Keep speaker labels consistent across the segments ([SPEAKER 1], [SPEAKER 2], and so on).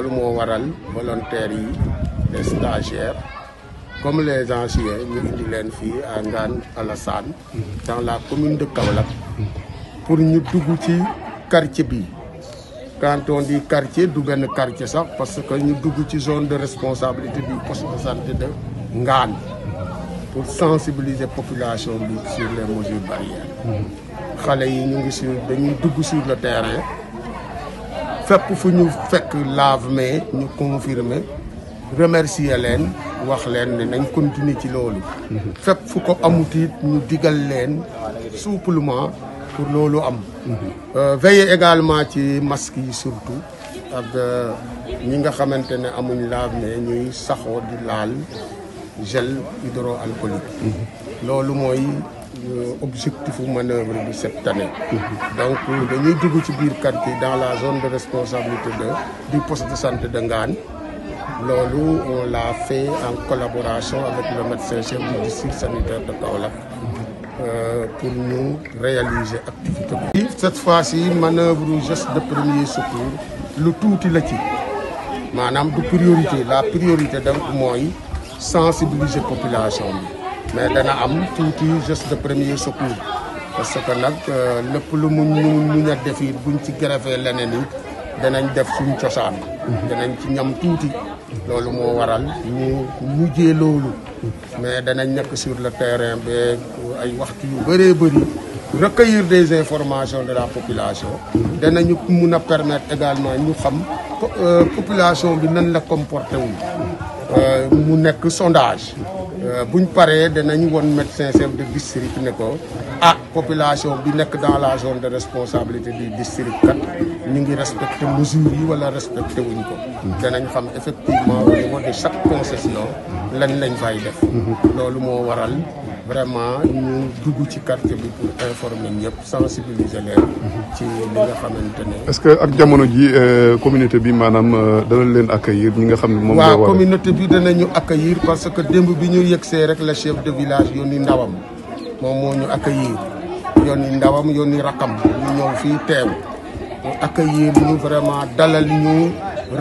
[SPEAKER 1] loolu moo waral volontaires yi les stagiaires comme les anciens ñu indi leen fii à Ngane Alassane dans la commune de Kaolack pour ñu dugg ci quartier bi quand on dit quartier du benn quartier sax parce que ñu dugg ci zone de responsabilité du poste de santé de Ngane pour sensibiliser population bi sur les mesures barrières xale yi ñu ngi sur dañuy dugg sur le terrain fépp fu ñu fekk lave-mains ñu confirmer remercier leen wax leen ne nañ continuer ci loolu fépp fu ko amut it ñu digal leen souplement pour loolu am euh, veiller également ci masques yi surtout ak euh, ñi nga xamante ne amuñ lave ñuy saxo di laal gel hydroalcoolique loolu mooy Euh, objectif manœuvre bi cette année. donc dañuy dugg ci biir quartier dans la zone de responsabilité de du poste de santé de Ngane. loolu on l'a fait en collaboration avec le médecin chef du district sanitaire de Kaolack. Euh, pour ñu réaliser activité bi. cette lu tuuti la ci maanaam du priorité la priorité donc mooy sensibiliser population bi. mais dana am tuuti geste de premier secours parce que nag euh, lépp lu mu ñu muñ a buñ ci greffé leneen it danañ def suñ cosaan mhm. danañ ci ñam tuuti loolu moo waral mu mujjee loolu mhm. mais danañ nekk sur le terrain ba ay waxtu yu bëree bëri recueillir des informations de la population mhm. danañu mun a permettre également ñu xam euh, population bi nan la comporté wu euh, mu nekk sondage Euh, buñ paree danañ woon médecin chef de district ne ko ah population bi nekk dans la zone de responsabilité du district kat ñu ngi respecté mesures yi wala respecté wuñ ko danañ xam effectivement au niveau de chaque concession lan lañ fay def loolu moo waral vraiment ñu dugg ci quartier bi pour informer ñëpp sensibiliser leen ci li nga xamante ne est-ce que
[SPEAKER 2] ak jamono ji euh, communauté bi maanaam euh, dana leen accueillir ñi nga xam ne moom waaw
[SPEAKER 1] communauté bi danañu accueillir parce que démb bi ñuy yëgsee rek la chef de village yónni ndawam moom moo ñu accueillir yónni ndawam yónni rakam ñu ñëw fii teew mu accueillir ñu vraiment dalal ñu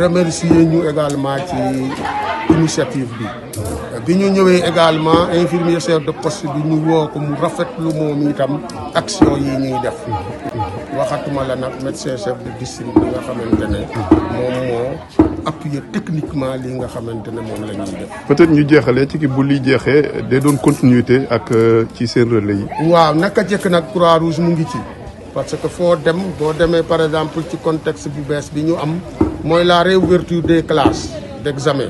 [SPEAKER 1] remercier ñu également ci initiative bi. bi ñu ñëwee egalement infirmier chef de poste bi ñu woo ko mu rafetlu moom itam action yi ñuy def waxatuma la nag médecin chef de district nga xamante ne. moom moo appuyer techniquement li nga xamante ne moom la ñuy def.
[SPEAKER 2] peut-être ñu jeexalee ci ki bu li jeexee de doon continuité ak euh, ci seen relais yi. waaw
[SPEAKER 1] naka jëkk nag croix rouge mu ngi ci. parce que foo dem boo demee par exemple ci contexte bu bees bi ñu am mooy la réouverture des classes d'examen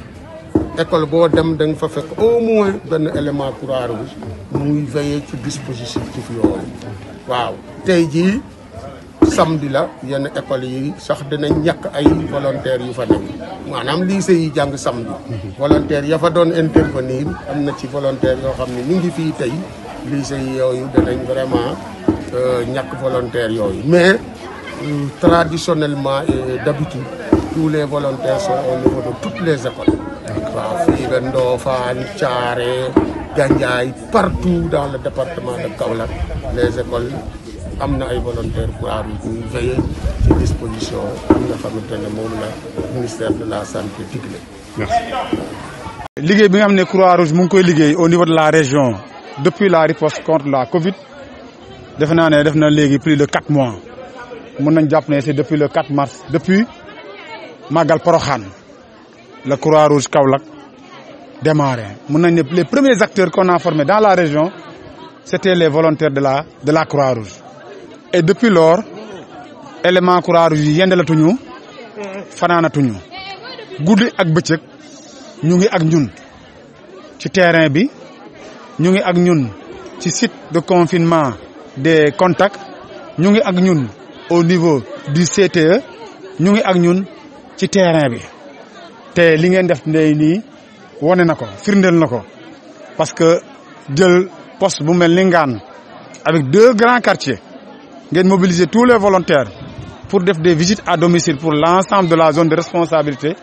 [SPEAKER 1] école boo dem da fa fekk au moins benn élément croix rouge muy veiller ci dispositif yooyu waaw tey jii. samedi la yenn école yi sax dinañ ñàkk ay volontaires yu fa nekk maanaam lycée yi jàng samedi mhm. volontaires ya fa doon intervenir am na ci volontaire yoo xam ne ñu ngi fii tey lycée yooyu danañ vraiment euh, ñàkk volontaires yooyu mais euh, traditionnellement et d'habitude tous les volontaires sont au niveau de toutes les écoles waaw fii la Ndofane Thiaré Gandiaye partout dans le département de Kaolack les écoles am na ay volontaires Croix-Rouge ñuy
[SPEAKER 2] liggéey bi nga xam ne Croix-Rouge mu ngi koy liggéey au niveau de la région depuis la riposte contre la Covid defe naa ne def na léegi plus de quatre mois mën nañ jàpp ne c'est depuis le 4 mars depuis Magal Porokhane la Croix-Rouge Kaolack démarré mën nañ ne les premiers acteurs qu'on a dans la région c'était les volontaires de la de la Croix-Rouge et depuis lors élément courage yi yendelatuñu fanaanatuñu guddi ak bëccëg ñu ngi ak ñun ci terrain bi ñu ngi ak ñun ci site de confinement des contacts ñu ngi ak ñun au niveau di CTE ñu ngi ak ñun ci terrain bi te li ngeen def ndey nii wane na ko firndeel na ko parce que jël poste bu mel ni Ngane avec deux grands quartiers ngeen mobiliser tous les volontaires pour def des visites à domicile pour l'ensemble de la zone de responsabilité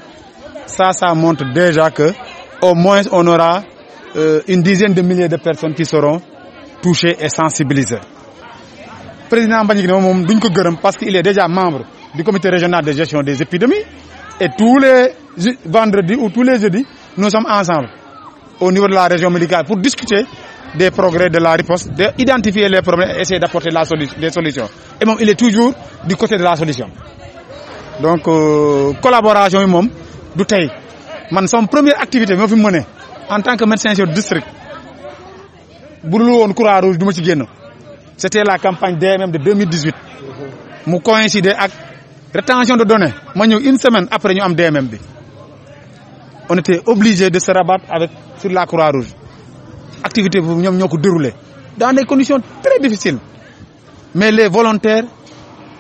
[SPEAKER 2] ça ça montre déjà que au moins on aura euh, une dizaine de milliers de personnes qui seront touchées et sensibilisées président Mbagnick ne moom duñ ko gërëm parce que il est déjà membre du comité régional de gestion des épidémies et tous les vendredis ou tous les jeudis nous sommes ensemble au niveau de la région médicale pour discuter des progrès de la riposte, d'identifier les problèmes et essayer d'apporter solu des solutions. Et même, il est toujours du côté de la solution. Donc, euh, collaboration, même, d'outils. Man, son première activité, je mener en tant que médecin chef district. Boulou, courage rouge, C'était la campagne DMM de 2018. Nous coïncidé avec rétention de données. Moi, une semaine après, nous avons DMM. on était obligé de se rabattre avec sur la Croix-Rouge activité boobu ñoom ñoo ko déroulé dans des conditions très difficiles mais les volontaires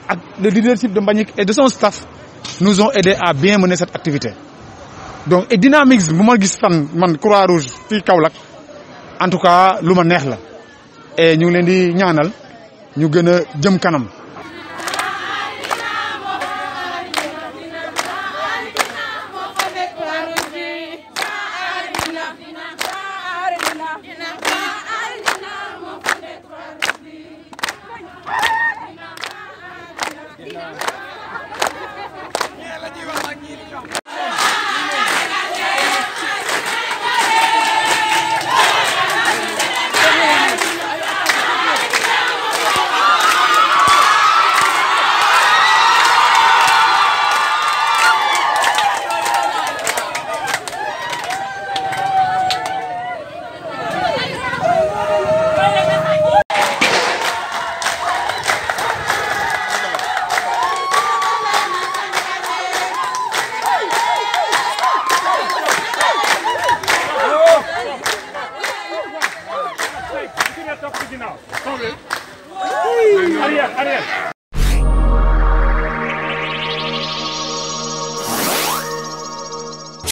[SPEAKER 2] ak le leadership de Mbagnick et de son staff nous ont aidé à bien mener cette activité donc et dynamisme bu ma gis fan man Croix-Rouge fii Kaolack en tout cas lu ma neex la et ñu ngi leen di ñaanal ñu gën a jëm kanam arrière